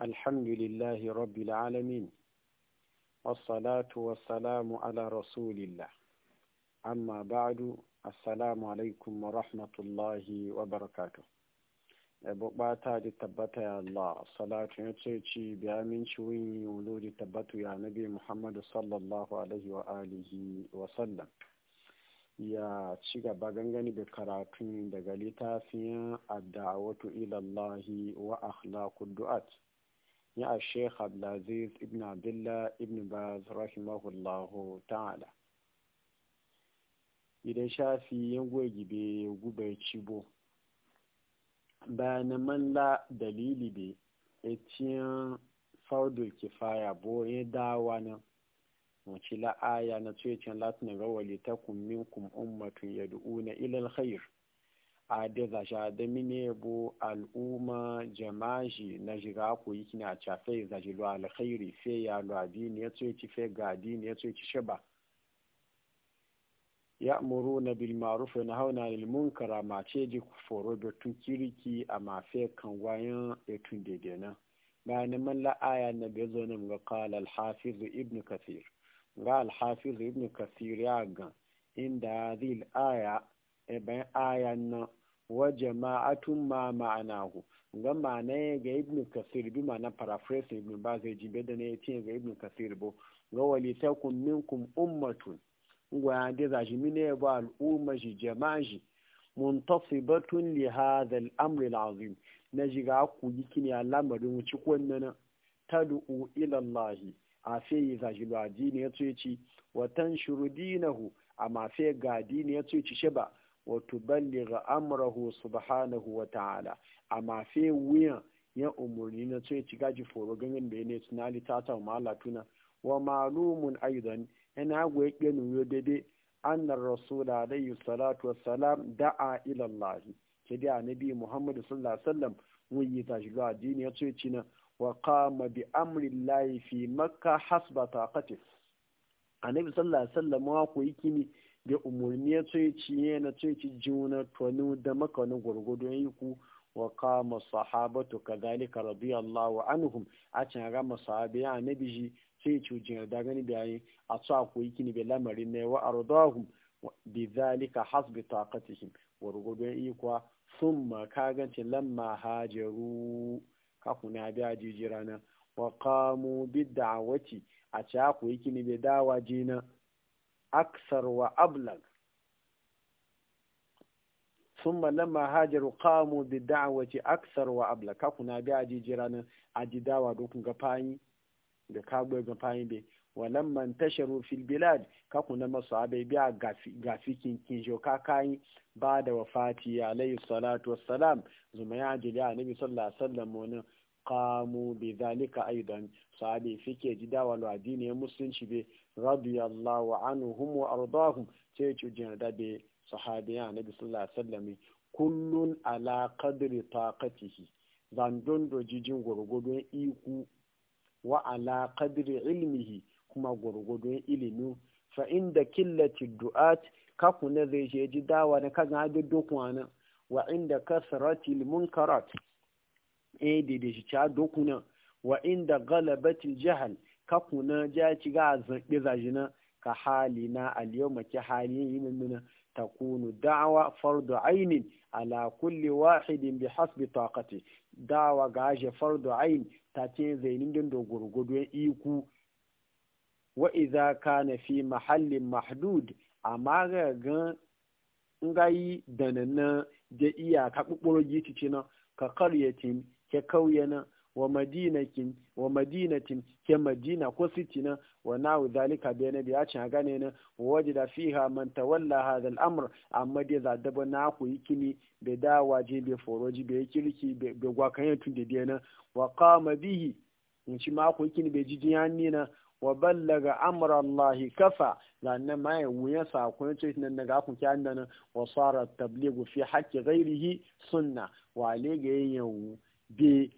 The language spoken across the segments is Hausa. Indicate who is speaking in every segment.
Speaker 1: alhamdulillahi rabbil alamin wassalatu wassalamu ala rasulillah amma ba'du assalamu alaikum wa rahmatullahi wa barakatu e bokba ta di tabbata ya Allah salatu ya ce ci bi amin ci wi yulo di tabbatu nabi muhammad sallallahu ya ci gaba gangani da karatun daga littafin ad-da'watu ila allahi wa akhlaqud du'ati ya a sheikh abdulaziz ibn abdullah ibn baz rahimahullahu ta'ala idan shafi yan gibe gube cibo na man la dalili be etiyan fardo kifaya bo ya dawa na mu wace aya na tuyacin latin rawali ta kummin kum ummatun yad'una ilal khair a da zasha da mine bu al'umma jama'a na shiga ku yi kina cafe zaji lo alkhairi fe ya lo adini ya ci fe ga adini ya ci shaba ya muru na bil maruf na hauna lil munkara ma ce ji foro da tun kiriki a fe kan wayan etun dede na bayan man la aya na zo ne ga qala al hafiz ibn kathir ga al hafiz ibn kathir ya ga inda zil aya e bayan aya na wa jama'atun ma ma'ana hu ga ma'ana ga ibn kasir bi ma'ana paraphrase ibn ba zai e ji bada ne yace ga ibn kasir bo ga wali takum minkum ummatun wa da zaji mine ba al'umma ji jama'a ji muntasibatun li hadha al-amr al-azim naji ga ku yiki ne al'amarin nana kunnan tad'u ila Allah a sai zaji lo ya yace ci wa tanshuru dinahu amma sai ga adini ya ci sheba wa tuballigha amrahu subhanahu wa ta'ala amma fe wuya ya umurni na ce ci gaji foro ganin bai ne tunali ta ta ma Allah tuna wa malumun aidan yana gwe kenu yo dede annar rasul alayhi salatu wassalam da'a ila Allah ke da nabi Muhammad sallallahu alaihi wasallam wuyi ta shiga addini ya ce ci na wa qama bi amri fi makka hasba taqati annabi sallallahu alaihi wa ku yi da umarni ya tsaye ciye na tsoye ci juna tonu da makonin gwargwado ya ku wa kama sahabatu kadhalika radiyallahu Anhu a can ga masahabi ya na biji sai ci jina da gani bayan a a koyi kini bai lamarin yawa a ardahum bi zalika hasbi taqatihim gwargwado ya kuwa sun ka kaganci lamma hajaru kakuna biya jijirana wa qamu bi da'wati a ca koyi kini bai dawa jina أكثر وأبلغ ثم لما هاجروا قاموا بالدعوة أكثر وأبلغ كنا بأجي جيران أجي دعوة دوكم غفاني غكابوا غفاني بي ولما انتشروا في البلاد كنا مصابي بيا غافيكين كينجو كاكاي بعد وفاتي عليه الصلاة والسلام زما يعجل يا نبي صلى الله عليه وسلم ونه قاموا بذلك أيضا صحابي فيك يجي دعوة يا مسلم شبه radiyallahu anhum wa ardahum ce ci jin da be sahabiya bi sallallahu alaihi wasallam kullun ala qadri taqatihi don do jijin gurgudun iku wa ala qadri ilmihi kuma gurgudun ilimi fa inda killati du'at ka kuna zai je ji dawa na ka duddun kwana wa inda kasrati munkarat eh da shi ta dokuna wa inda galabati jahal kakuna ja ci ga zaji na ka hali na aliyau maki hali yi mimmina ta kunu da'awa fardu ainin ala kulli wahidin bi hasbi taqati dawa ga fardu ain ta ce zainin din da iku wa idza kana fi mahallin mahdud amma ga gan ngayi danana da iyaka kokoro gitici na ka karyatin ke kauyana wa madinakin wa madinatin ke madina ko city na wa na'u zalika bai na ya cin gane na wajida fiha man tawalla hadha al amur amma dai za daba na ku yikini da dawa je be foroji be kirki be gwakan tun da dai na wa kama bihi in ci ma ku kini be jijin ni na wa ballaga amur allahi kafa zanen ma ya wuya sakon ce nan daga ku kya nan wa tsara tabligu fi zai ghairihi sunna wa ga yin yawu be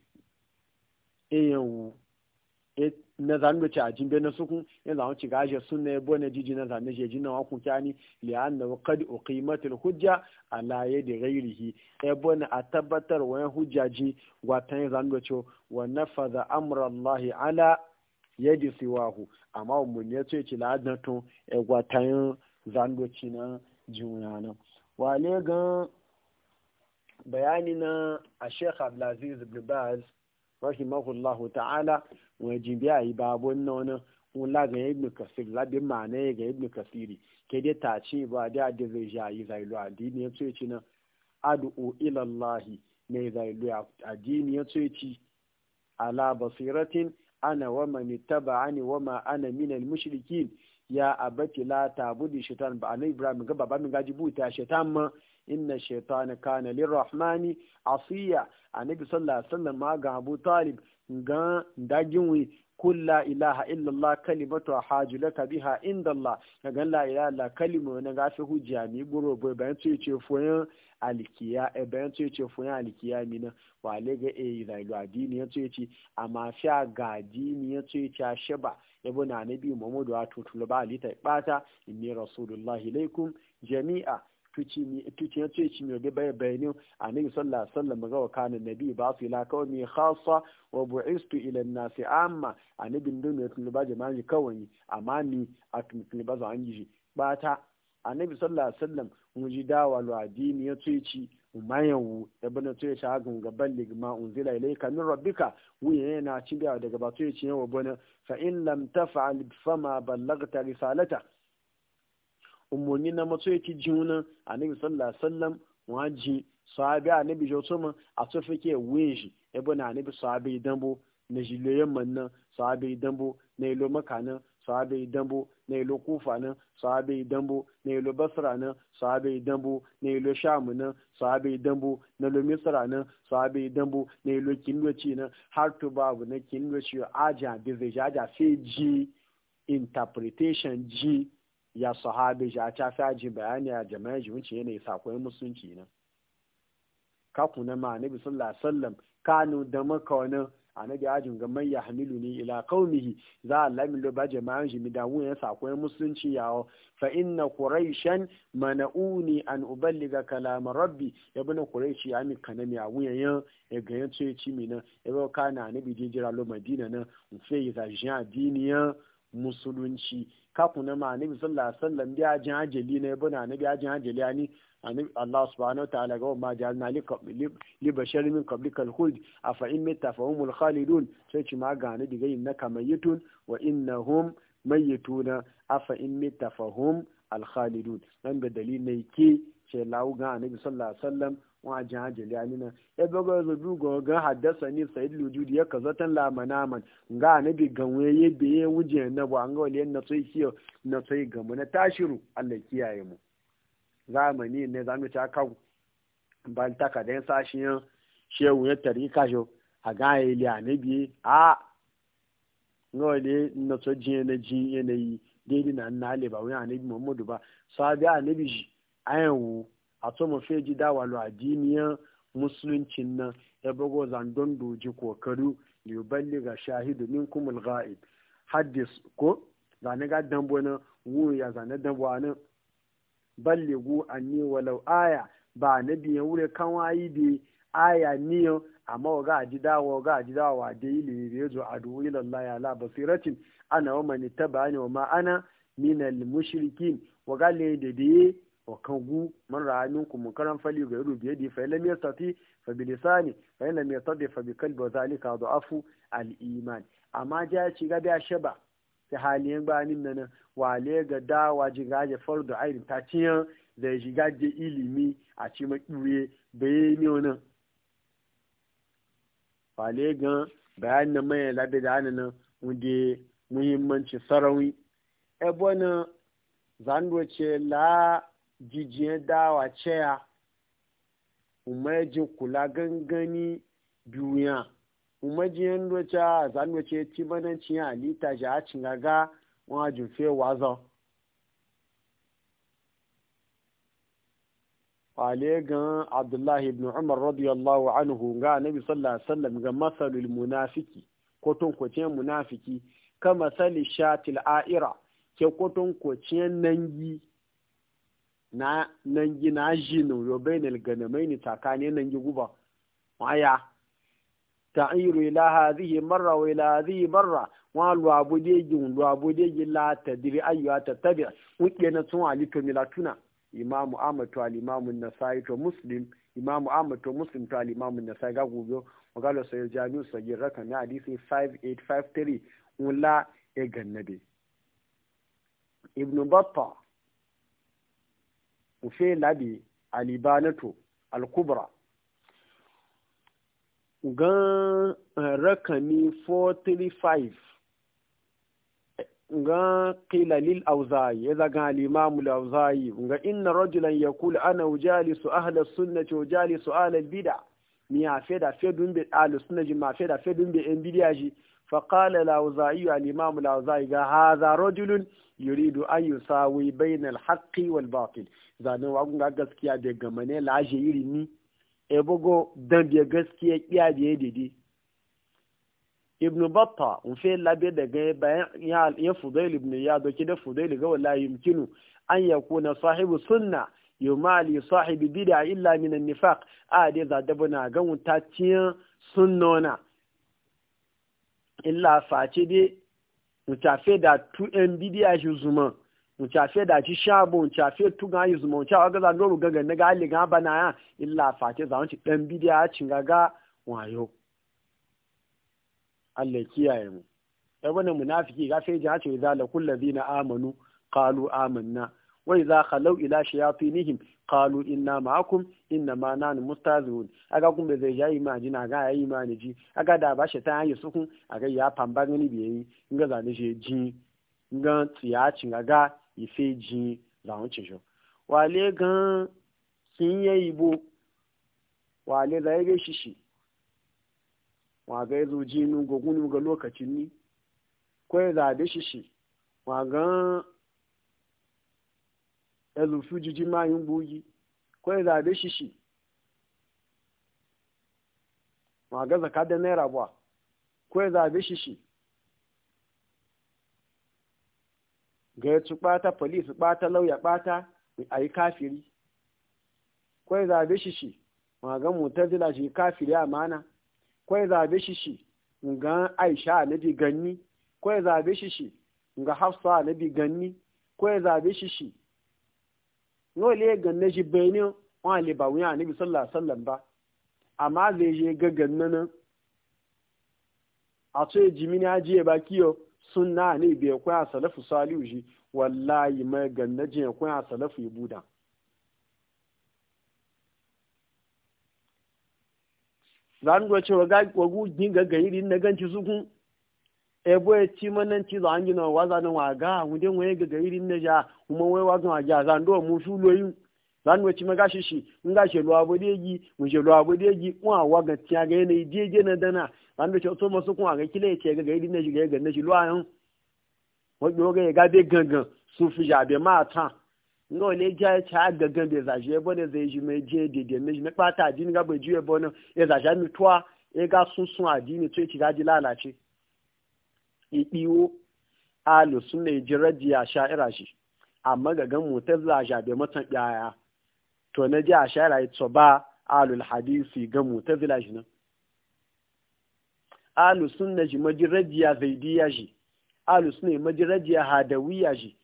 Speaker 1: eyanwu e, na zan da a jimbe na sukun ya e zama ci gaje sun na e bo na jiji na zan je jinan wakun kyani li anna qad uqimat al hujja ala yadi ghairihi e bo na a tabbatar wa hujjaji wa tan zan da wa nafaza amra allah ala yadi siwahu amma mun ne ce ci ladan e wa tan zan da na juna ne gan bayani na a sheikh abdulaziz ibn rahimahullahu ta'ala wa jibiya yi babu wani wula ga ibn kasir labi ma'ana ya ga ibn kasiri ke dai ta ce ba da adi zai jayi zailu addini ya ce ci na adu'u ilallahi ne zailu addini ya ce ci ala basiratin ana wa man taba'ani wa ma ana min al mushrikin ya abati la tabudi shaitan ba ibrahim ga baba mu gaji buta shaitan ma inna shaitana kana lirrahmani asiya annabi sallallahu alaihi wasallam ma ga Abu Talib ga dagin wi la ilaha illallah kalimatu haju laka biha indallah ga la ilaha illa kalimu na gafi hujja mi guro bai bayan ce eh, ce foyan alikiya e bayan ce ce foyan alikiya mi na le ga e adini ya ce ce amma sha ga adini ya ce ce shaba yabo na nabi muhammadu wa tutulu ba alita bata inni rasulullahi laikum jami'a tuciya ce ci mai bai bayani a nabi sallallahu alaihi wasallam ga wakanin nabi ba su ila kawai mai khassa wa bu'istu ila an-nasi amma a nabi dun ne tun ba jama'i kawai amma ni a tun ba za an yi ba ta a nabi sallallahu alaihi wasallam mun ji dawa lo addini ya ce ci umayawu ya bana to ya sha hagun gaban ligma unzila ilayka min rabbika wuya yana cibiya daga ba to ya ci yawa bana fa in lam taf'al fama ballagta risalata umarni na matso yake juna annabi sallallahu alaihi wasallam waji sahabi nabi jotoma a tsofe ke wuyin ebe na nabi sahabi dambo na jiloyen manna sahabi dambo na ilo makanan sahabi dambo na ilo kufa nan sahabi dambo na ilo basra nan sahabi dambo na ilo shamu nan sahabi dambo na ilo misra nan sahabi dambo na ilo kindoci nan har to babu na kindoci aja bizai aja sai ji interpretation ji ya sahabi ja ta faji bayani a jama'a ji wuce yanayi sakon musulunci nan ka kuna ma nabi sallallahu alaihi wasallam kanu da maka wani annabi ajin ga man yahmilu ni ila qaumihi za Allah min ba jama'an ji midawu ya sakon musulunci yawo fa inna quraishan mana'uni an uballiga kalam rabbi ibn quraishi ya mi kanami a wuyan ya ga ya ce ci mi nan ya ba kana annabi je jira lo madina nan sai ya diniya musulunci kaku na ma annabi sallallahu alaihi wasallam bi ajin ajali ne bana annabi ajin ajali ani annabi Allah subhanahu wataala ga ma jalna li bashar min qablikal khuld afa in mita fa humul khalidun sai ci ma ga annabi ga innaka mayyitun wa innahum mayyituna afa in mita fa hum al khalidun nan da dalilai ke ce lawu ga annabi sallallahu alaihi wasallam wajen hajjali amina ya bago zo dugo haddasa ni sa'id lujudi ya kazatan la manaman ga anabi ganwe ya biye wuje na ba an ga waliyan na sai kiyo na mu na tashiru Allah kiyaye ta ka a ga ile anabi a ngole na so jiye na na a to mu fe ji dawa lo addiniyan musuluncin nan ya bago zandon doji kokaru yuballi ga shahidu minkum al-ghaib hadis ko zane ga dambo nan wu ya zane dambo gu an anni walau aya ba na biyan wure kan wayi de aya niyo amma wa ga ji dawa ga ji dawa de dai rezo adu ila Allah ya la basiratin ana wa man tabani wa ma ana min al mushrikin wa ga de de wa kagu man ra'a minkum munkaran fali ga yuru biyadi fa lam yastati fa bi lisani fa lam yastati fa bi kalbi wa zalika du'afu al iman amma ja ci ga da shaba ta haliyan nin nan wale ga dawa jiga je fardu ayin ta ciyan da ga je ilimi a ci makiwe bayani wannan le ga bayanin mai labe da nan wunde muhimmanci sarawi ebonin zanduwa la jijiyar dawa ceya umarjin kula gangani duniya umarjin doca zanwace timanancin halitta ji a cingaga wajen fewa zan kwale gan abdullahi ibn umar radiyallahu anhu ga nabi sallallahu alaihi wasallam ga masalul munafiki ko kwacin munafiki kama sali shatil a'ira ke ko kwacin nangi na nangi na ji nun yobainal ganamaini nan gi guba waya ta'iru ila hadhihi marra wa ila hadhihi barra wa lu abude gi lu abude gi la tadri ayyuha tattabi uke na tun ali to milatuna imam ahmad to al imamu an-nasai to muslim imam ahmad to muslim to al imamu an-nasai ga gubo magalo sai jami'u sai rakan na hadisi 5853 wala e gannabe ibn battah ufe labi alibanato alkubra gan rakami 435 gan qila lil auza'i ya zaga al-imam al-auza'i gan inna rajulan yaqulu ana ujalisu ahla sunnati ujalisu ahla al-bid'a mi afeda fedun bi ahla sunnati ma afeda fedun bi en bid'aji fa qala al-auza'i al-imam al-auza'i ga haza rajulun yuridu an yusawi bayna al-haqqi wal-batil zanen wagun ga gaskiya da gamane laje iri ni e bugo dan biya gaskiya kiya biya dede ibnu batta un fe labe daga bayan ya ya fudail ibn ya doki da fudail ga wallahi yumkinu an yakuna sahibu sunna yumali sahibi bid'a illa min an-nifaq a de za da bana ga mutaciyan sunnona illa face dai mutafe da tu en a shi zuma cafe da ci shabo cafe tuga yi zuma ncafe ga zan doru gaga na gali ga bana ya illa fate zan ci dan bidiya cin gaga wayo Allah kiyaye mu ya bane munafiki ga sai ja ce za la kullazina amanu qalu amanna wa idza khalu ila shayatinihim qalu inna ma'akum inna ma nanu mustazun aga kun be zai yayi ma jina ga yayi ma ni ji aga da ba shi shaitan yi sukun aga ya pambangani biyayi ga zane je ji ngan tiya cin gaga ife jin zawon cijo wale gan kin ya ibo wale da ya shishi wa ga yazo jinu gogun ga lokacin ni ko ya zabe shishi wa gan ezu fujiji ma yin bugi ko ya zabe shishi wa ga zakada naira ba ko ya zabe shishi ga su ɓata police ɓata lauya ɓata a yi kafiri kwai zabe shi shi magan mutazila shi kafiri amana kwai zabe shi shi ga aisha na bi ganni kwai zabe shi shi ga hafsa na bi ganni kwai zabe shi shi nole ganna shi benin wani libawun ya nabi sallallahu alaihi wasallam ba amma zai je ga ganna nan a so ya jimini ajiye ba kiyo sunna ne bai kwaya salafu salihu shi wallahi mai gannaje ya kwaya salafu ya buda zan go cewa ga wagu ginga gairi na ganci sukun ebo ya ci manan ci zan gina waza nan waga mu den waye ga gairi na ja kuma wai waga ja zan do mu shuloyin zanu wace maga shi shi in ga shi luwa bu deji mu shi lwa bu deji wa wa ga tiya ga yana deje na dana zanu wace so masu kun ga kile ce ga gaidi na shi ga ganna shi luwa yan wajo ga ga de gangan su fi ja be ma ta nga ole ja cha gangan de za je de zai ji me je de de me pata din ga be juye bone e za ja mi twa e ga sunsun adini to ci ga di lalace ipiwo alu sunne jirajiya sha'ira shi amma ga gan mutazla ja be matan yaya to na ji a shara ya to ba alul hadisi ga mutazila shi nan alu sunna shi majirajiya zaidiya shi alu sunna majirajiya hadawiya shi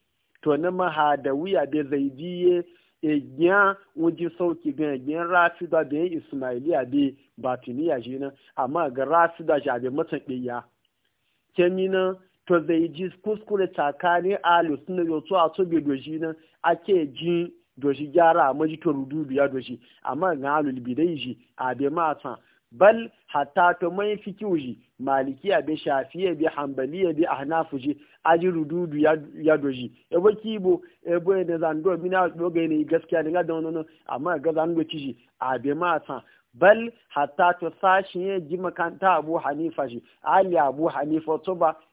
Speaker 1: to na ma hadawiya da zaidiye egiyan wajen sauki ga egiyan rafida da yan ismailiya da batiniya shi nan amma ga rafida shi abin matan ɗaya nan to zai ji kuskure tsakanin alu sunna yau to a tobe bai nan ake jin doshi gyara a maji to rudu biya doshi amma ga alul bidai shi a be matan bal hatta to mai uji maliki malikiya be shafiye be hanbaliya be ahnafu a aji rudu ya doshi e bo kibo e bo ne zan do gaskiya ne ga da non amma ga zan ci a be matan bal hatta to sashi ya ji makanta abu hanifa shi ali abu hanifa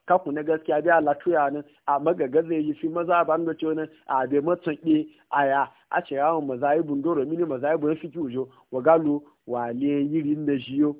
Speaker 1: kaku na gaskiya biya latuya nan a magaga yi fi maza ban da ce nan a bai matsanke a ya a ce yawon mini mazayibun ya fi kiwo wa galo wale yirin da shi yo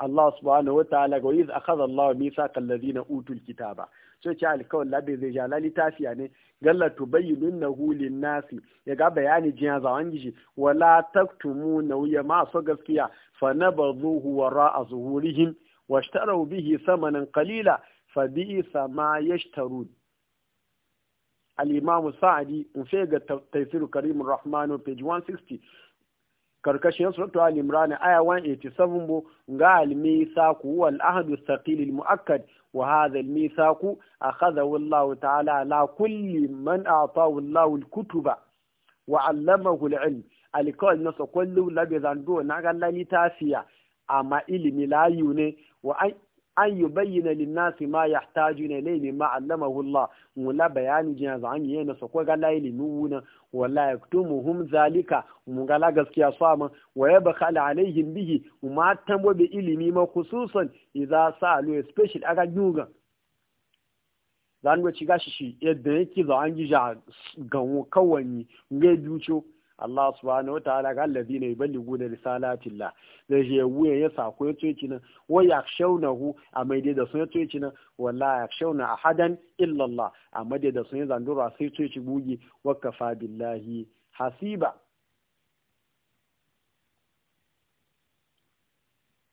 Speaker 1: Allah subhanahu wa ta'ala ga yi akhadha Allah mithaqa na utul kitaba so ce alkawal labe zai ja lalitafiya ne galla to bayyinun na hulin nasi ya ga bayani jiya zawan gishi wala taktumu na wuya ma gaskiya fa na wa ra a ta washtarau bihi samanin kalila fa isa ma yashtarun al alimamu sa'adi in fe ga karimun rahmanu page 160 karkashin suratu al-imran aya 187 bo ga al wal ahdu thaqil al-muakkad wa hadha al-misaqu akhadhahu Allah ta'ala ala kulli man a'tahu Allah al-kutuba wa 'allamahu al-'ilm al-qawl nasa kullu labi zando na ga lali tafiya amma ilimi layu ne wa an yi bayyana linnasi ma ya taju ne ne ma allama Allah mula bayani jina za an yi na sako ga layi limu na wala ya kuto muhum zalika mu gala gaskiya samun wa ya baka alaihin bihi ma tambo bi ilimi ma khususan sa salu especially aga yuga za ci gashi shi yadda yake za an ji ja kawani ngai Allah subhanahu wataala ga alladhina yuballighuna risalatillah da je wuya ya sako ya tsoyi nan wa yakshawnahu a maide da sun ya tsoyi nan wala yakshawna ahadan illa Allah a maide da sun ya zandura sai tsoyi gugi wa kafa billahi hasiba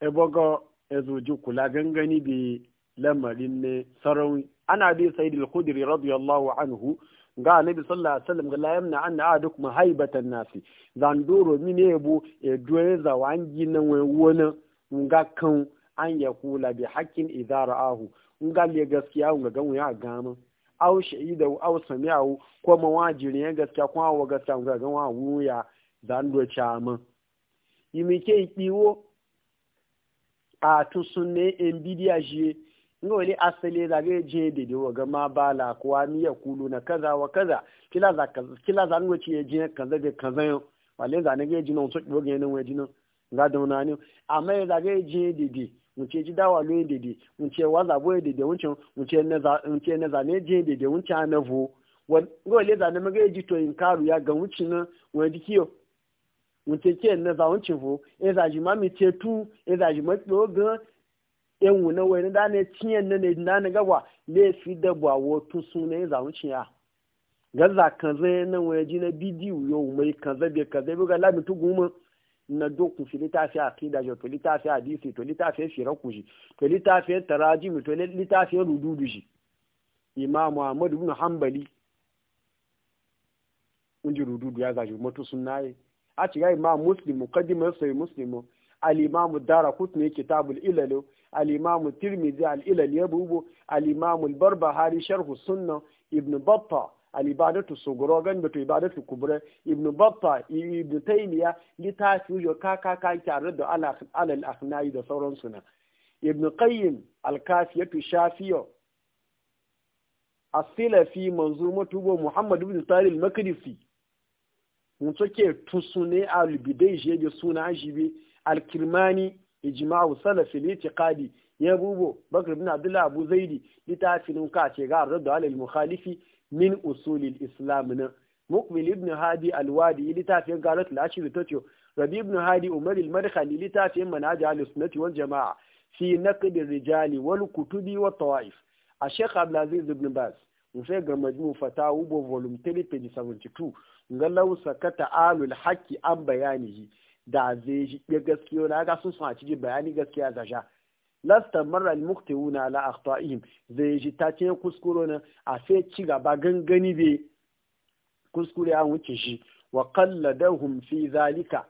Speaker 1: ebogo e ji kula gangani bi lamarin ne sarauni ana bi sayyidul khudri radiyallahu anhu ga annabi sallallahu alaihi wasallam ga la yamna an aduk mahaibatan nasi duro mine bu e doye za wangi nan wai wona nga kan an ya kula bi hakkin idza ra'ahu nga le gaskiya nga gan ya gama aw shahida aw sami'u ko mawajiri ya gaskiya ko wa gaskiya nga gan wa wuya zando chama yimi ke iwo a tusunne en bidiyaje wani asali zage je da wa ga ma la kuwa ni ya kulu na kaza wa kaza kila za kaza kila za ngo ci je kaza kan kaza yo wale za ne ge jino so bo ge ne we jino za da na ni amma ya za zage je da dede mu ce ji dawa lo da dede mu ce wa za bo dede mu ce mu ce ne za mu ce ne za ne je dede mu ce na vo wale za ne ga ji to in karu ya ga wuci na wa kiyo mu ce ke ne za wuci vo e za ji ma mi ce tu e za ji ma to ga yan wuna wai na ne ciyen na ne na ne gaba ne fi da ba wato sun ne za mu ciya gaza kan zai na wai ji na bidiyo yau mai kan zai be kan zai be ga lamin tu guma na dokun fi litafi aqida jo to litafi hadisi to litafi firaku ji to litafi tarajim to litafi rududu ji imam Ahmad ibn Hanbali ji rududu ya gaji mutu sunnaye a ciga imam Muslim muqaddimar sai Muslim al-imam Daraqutni kitabul ilal al-imam tirmidhi al-ilal yabubu al-imam al-barbahari sharh sunna ibn battah al-ibadatu sugura gan da to ibadatu kubra ibn battah ibn taymiya litafi yo kaka kan tare da alal akhnai da sauran suna ibn qayyim al-kafiyatu shafiyo as-silafi manzumatu muhammad ibn tarih al-makdisi mun soke tusune al-bidai je suna ajibi al-kirmani ijma'u salafi al ya bubo bakr ibn abdullah abu zaidi litafin ka ce ga raddu alal mukhalifi min usul al-islam na muqbil ibn hadi al-wadi litafin galat al-ashir tacho rabi ibn hadi umar al-madkhali litafin manhaj al-sunnati wal jama'a fi naqd al rijali wal kutubi wa tawaif الشيخ عبد العزيز بن باز وفي مجموع فتاوى فولوم 3 page 72 قال لو سكت آل an عن da zai ji ya gaskiyo na ga sun a cikin bayani gaskiya da sha lasta marar muktiwuna ala akhtaihim zai ji ta ce kuskure na a sai ci gaba gangani be kuskure an wuce shi wa qalladahum fi zalika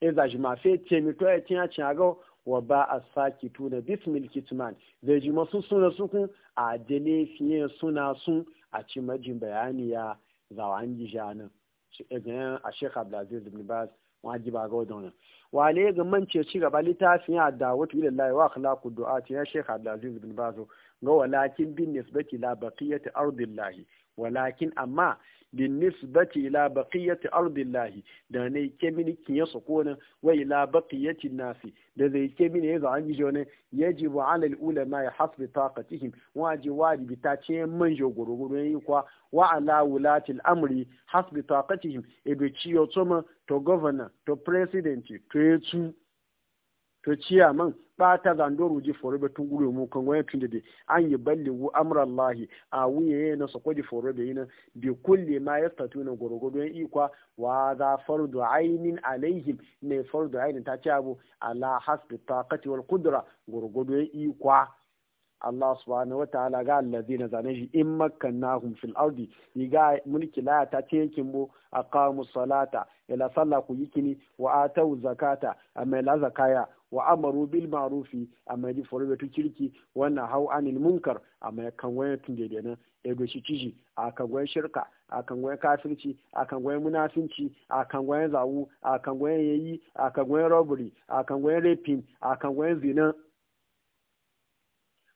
Speaker 1: iza e ma sai ce mi to ya ci ya ci ga wa ba a saki tuna bismil kitman zai ji masu suna sukun a dele fiye suna sun a ci majin bayani ya zawan ji nan ganin a shekha abdulaziz ibn baz wọn ji ba ga wa ne ga mance ci gaba litafin ya da wata lillahi wa akhlaqu du'ati ya shekha abdulaziz ibn baz ga walakin bin nisbati la baqiyati ardillahi walakin amma bin nisbati ila baqiyati ardillahi da ne ke mini kiya sokona wa ila baqiyati nasi da zai ke mini yazo an gijo ne yajibu ala ulama ya hasbi taqatihim waji wajibi ta ce man jo gorogoro yi kwa wa ala wulati al amri hasbi taqatihim e be ciyo to governor to president to etu to ciya man bata zando ruji foro be gure mu kan waya tun dade an yi balligu amrallahi a wuye na so kwaji foro be yina bi kulli ma na gorogodo yan ikwa wa za fardu ainin alaihim ne fardu ainin ta ci abu ala hasbi taqati wal qudra gorogodo yan ikwa Allah subhanahu wa ta'ala ga allazi na zane shi in makkannahum fil ardi ga mulki la ta ce yakin bo aqamu salata ila salla ku yikini wa atau zakata amma la zakaya wa amaru bil ma'rufi amma ji foro to kirki wannan hau anil munkar amma kan waya tun da nan e shi ciji akan waya shirka akan waya kafirci akan waya munafinci akan waya zawu akan waya yayi akan waya robbery akan goyen raping akan waya zina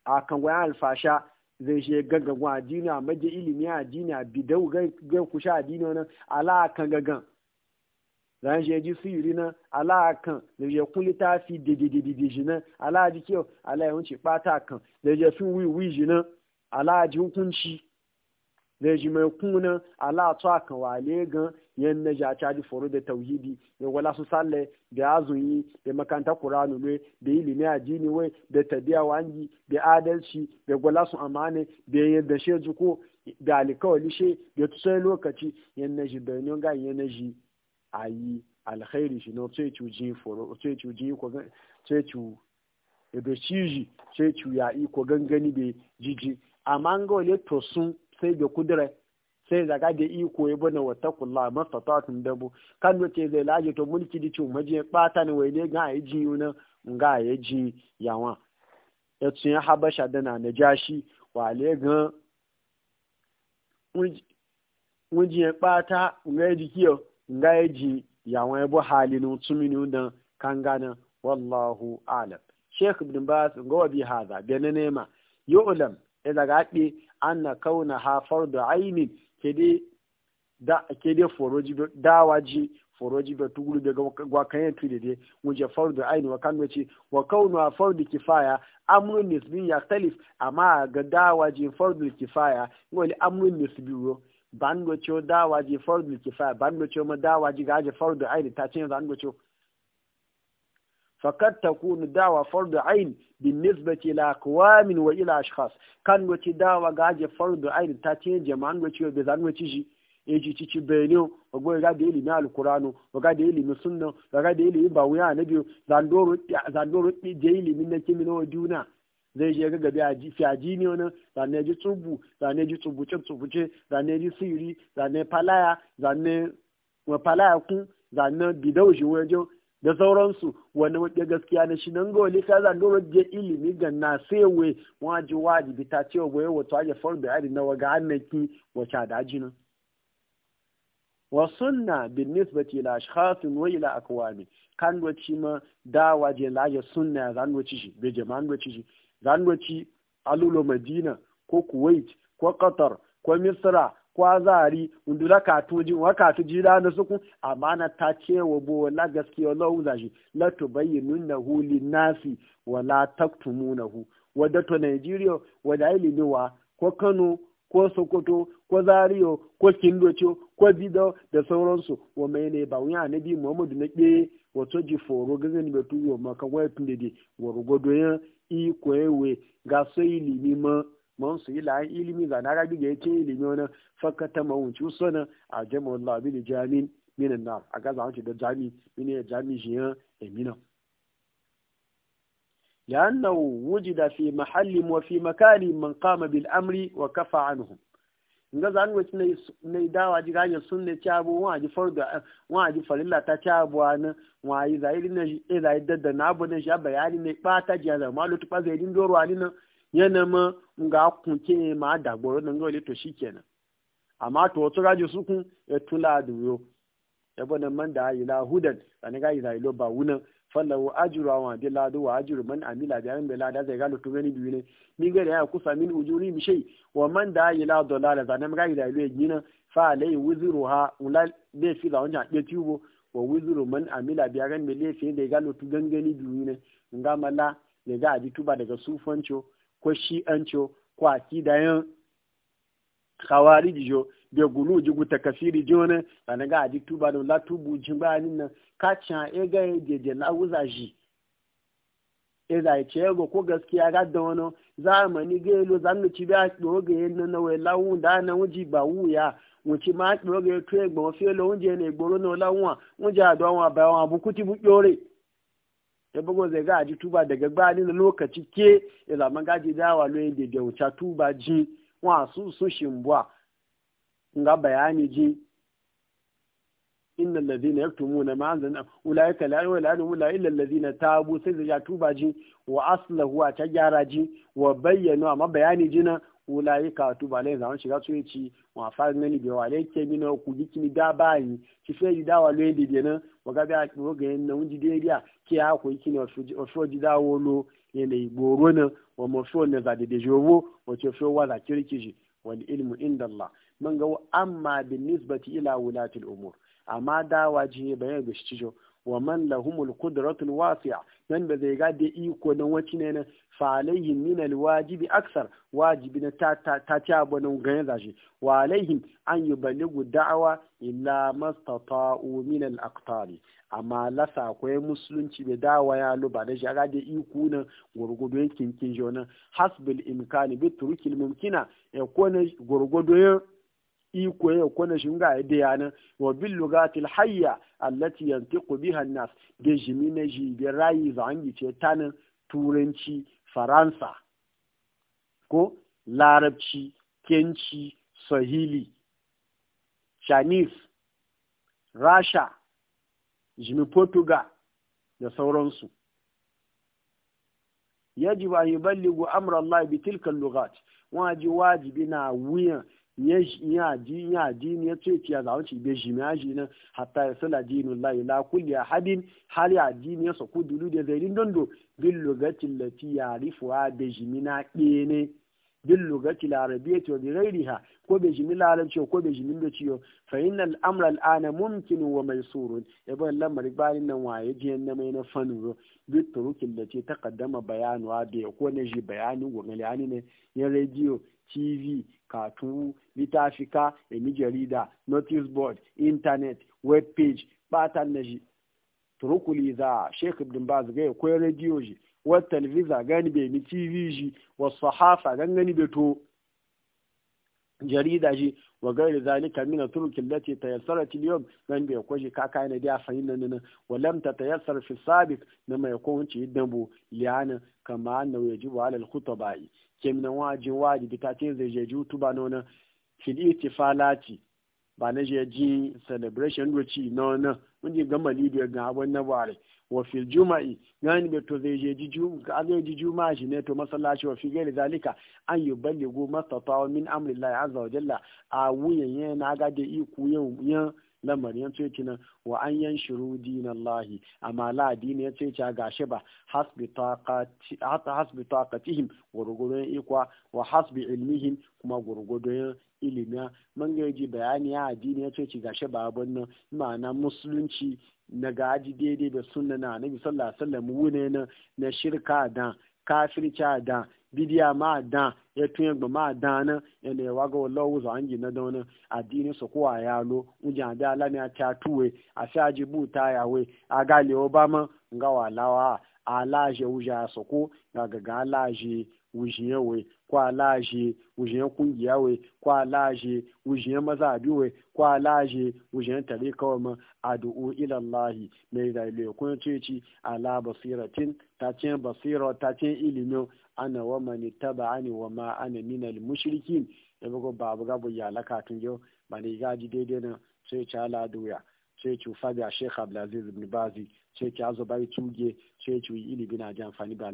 Speaker 1: a kan waya alfasha zai she gaggagun addini a maje ilimi a addini a bidau gan kusha addini ala kan gaggan zan she ji yuri nan ala kan zai she kun littafi dededede shi nan ala ji kyau ala ya wuce bata kan zai she sun wiwi shi nan ala ji hukunci zai ji mai kuna ala to akan wale gan yan na ja caji foro da tauhidi da wala su salle da azumi da makanta kuranu ne da yi limiya jini wai da tabiya wangi da adalci da gwala su amane da da she zuko da alikawali she da tusai lokaci yan na ji bayanin ga yan na ji yi alkhairi shi na tsaye cuji foro sai cuji ko sai cu da yi sai cu ya iko gangani da jiji amma ga wale tosun sai da kudura sai zaga da iko ya bane wata kula mastatatun dabu kan wace zai laje to mulki da cin maje bata ne wai ne ga ya ji yuna ga ya ji yawa ya tun ya habasha da na jashi wa le ga wunji ya bata ga ya ji kiyo ga ya ji yawa ya bu halin tumini da kan gana wallahu alam sheikh ibn bas gowa bi haza bi nema yu'lam idan ga an na kauna ha fardu ainin kede da kede foroji dawaji foroji be tuguru be gwa kan tude de wuje fardu aini wa kan wace wa kaunu fardu kifaya amrun nisbi amma ga dawaji fardu kifaya ngoli amrun nisbi wo ban go cho dawaji fardu kifaya ban go ma dawaji gaje je fardu aini ta cin zan فقد تكون دعوة فرض عين بالنسبة إلى أقوام وإلى أشخاص كان وتي دعوة قاعدة فرض عين تاتين جمعان وتي وبزان وتيجي eji cici benin ogbo ya da ilimi alkurano ga da ilimi sunna ga da ilimi ba wuya na biyu zandoro je ilimi na kimi na duna zai je ga gabi a fiyaji ne wani zane ji tsubu zane ji tsubuce tsubuce zane ji siri zane palaya zane wa palaya kun zane bidau shi wajen da sauransu wani wadda gaskiya na shi nan gawali ta kaza dora je ilimi ga na sewe waji wajibi ta ce wa wato aje farbe ari na waga annaki wacha da ajina wa sunna bin nisbati ila ashkhasin wa ila akwami kan doci ma da waje la ya sunna zan doci shi be jama'an doci shi zan doci alulo madina ko kuwait ko qatar ko misra kwazari undula katuji wa katuji da na suku amana ta ce wa bo la gaskiya la uza shi la tubayyinunahu linnasi wa la taktumunahu wada to Nigeria wadda ilimiwa ko Kano ko Sokoto ko Zariyo ko Kindocho ko Bido da sauransu wa mai ne ba wuya annabi Muhammadu na ke wato ji foro gazan da wa maka wa tunde de wa i iko ewe ga sai ilimi ma mun su yi la'an ilimi za na ragi ga yake ilimi wani fakata mawunci usana a jama wani labi da jami'in minin na a gaza wace da jami mini ya jami shi ya emina لأنه وجد في محل وفي مكان من قام بالأمر وكفى عنهم nga zan wace ne dawa ji ganyar sun ne ci abu wa ji farda wa ji farilla ta ci abu an wa yi zairi na eh zai dadda abu na shi bayani ne ba ta ji zama lutu ba zai din doro ani nan yana ma nga ke ma dagboro nan gole to shikenan amma to wato gaji su kun ya tula da yo ya bada man da ila hudan sani ga ila ilo ba wuna fallahu ajru wa bi ladu wa ajru man amila da an bela da zai ga lutu gani biyu ne min ga ya kusa min ujuri mi shei wa man da ila dalala sani ga ila ilo yina fa alai wuzuruha ulal be fi da wanja be tubo wa wuzuru man amila da an bela fi da ga lutu gangani biyu ne ngamala ne ga abi tuba daga sufancho ko shi'anco ko akidayen khawariji jo be gulu ji guta kafiri ji wani bana ga adi tuba da latu buji ba ni na ka can e ga je je na wuza shi e da ce go ko gaskiya ga da zamani ga lo zan ci ba do ga yin nan na wu lawu da na wuji ba wuya wuci ma do ga to e gbo fe lo unje ne gboro no lawun unje adon wa ba wa bukuti bu yore ya bago zai ga aji tuba daga gbani na lokaci ke ya zama gaji dawa loyin da gyauta tuba ji wa su shimbwa nga bayani ji innal ladhina yaktumuna ma anzalna ulaika la yu'minu la illa alladhina tabu sai zai tuba ji wa aslahu ta gyara ji wa bayyana ma bayani na. ulaika tuba le zawon shiga su yaci wa far ne ni biwa le ke mina ku gikini da bayi ki fe di dawa le di de na wa ga ba ki ga na unji de dia ki ha ko ikini o fo di da wo lo ye le igboro na wa mo fo ne za de de jowo wa che fo wa za kiriki ji ilmu inda Allah man ga amma bin nisbati ila wulatil umur amma dawa ji bayan ga shi wa man lahumul qudratul wasi'a nan da zai ga da iko nan wace ne na fa alaihim min alwajibi aksar wajibi na ta ta ta ci abonan ganin zashi wa alaihim an da'awa illa mastata'u min alaqtari amma lasa akwai musulunci bai dawa ya luba da shaga da iku nan gurgudu yankin kinjo nan hasbil imkani bi turkil mumkina ya kone gurgudu iko ya kone shi ga da nan wa bil lugatil hayya allati yantiqu biha an-nas de jimi na ji bi rayi zangi ce tanin turanci faransa ko larabci kenci sahili chinese rasha jimi portugal da sauransu yajibu an yuballighu amra Allah bi tilka lugat wajibi na wuyan ya ji ya ji ne ce ce ya zawo ci shi ma shi nan hatta ya sala dinu lahi la kulli ahadin hal ya ji ne so ku dulu da zairin dondo bil lugati lati yarifu a be shi mina ne bil lugati larabiyyati wa bi ghairiha ko be jimi larabci ko be jimi da ciyo fa innal amra mumkin wa maysurun yabo lamar bayin nan waye jiyan na mai na fanu bi turukin da ce ta bayanu wa be ko ne ji bayani gwamnati yani ne ya radio tv katu litafika emi jarida notice board internet web page batan na ji turukuli za sheikh ibn baz ga ko radio ji wa talbiza gani bai mi tv ji wa sahafa gani bai to jarida ji wa gairi zalika min turkin lati tayassarat al-yawm dan bai kwaje kaka ne da fahimta nan wa lam tatayassar fi sabiq na mai kunci dambu liana kama annahu yajibu ala al-khutabai kemin wajin wajibi ta ce zai je jutuba nona fil itifalati ba na je ji celebration roci nona mun ji gama libya ga abun na bare wa fil juma'i gani be to zai je jiju ga jiju juma'a shi ne to masallaci wa fi gairi zalika an yuballigu mastata'a min amri Allah azza wa jalla a wuyan yana ga da iku yan lamarin ya ce kina wa an yan shiru dinallahi amma la dini ya ce ta gashi ba hasbi taqatihim gurgudun ikwa wa hasbi ilmihim kuma gurgudun ilimi man ga yaji bayani ya addini ya ce ci gashe ba abun nan ma'ana musulunci na gaji daidai da sunna na annabi sallallahu alaihi wasallam wune na na shirka da kafirci da bidiya ma da ya tuye gba ma da na ne wa ga wallahu zo anji na da addini su kuwa ya lo ujan da ala ne a ta tuwe a sa ji buta ya we a gale obama nga walawa alaje wuja soko ga ga alaje wujiyewe kwa laje wujen kungiya we kwa laje wujen mazabi we kwa laje wujen tare kawai ma adu'u ilallahi mai zaile kun ceci ala basiratin ta ce basira ta ce ilimin ana wa man taba wa ma ana al mushrikin da bugu babu gabu ya laka tun yau ba ne gaji daidai na sai ci ala doya sai ci fabi a shekha abdulaziz ibn bazi sai ci azubai tuge sai ci ilimi na ji amfani da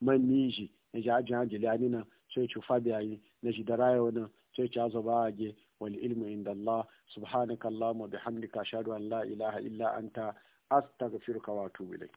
Speaker 1: man niji na ji ajin hajji na sai ci fabi yayi na ji da rayo na sai ci azo ba age wal ilmu inda Allah subhanaka Allahumma bihamdika ashhadu an la ilaha illa anta astaghfiruka wa atubu ilaik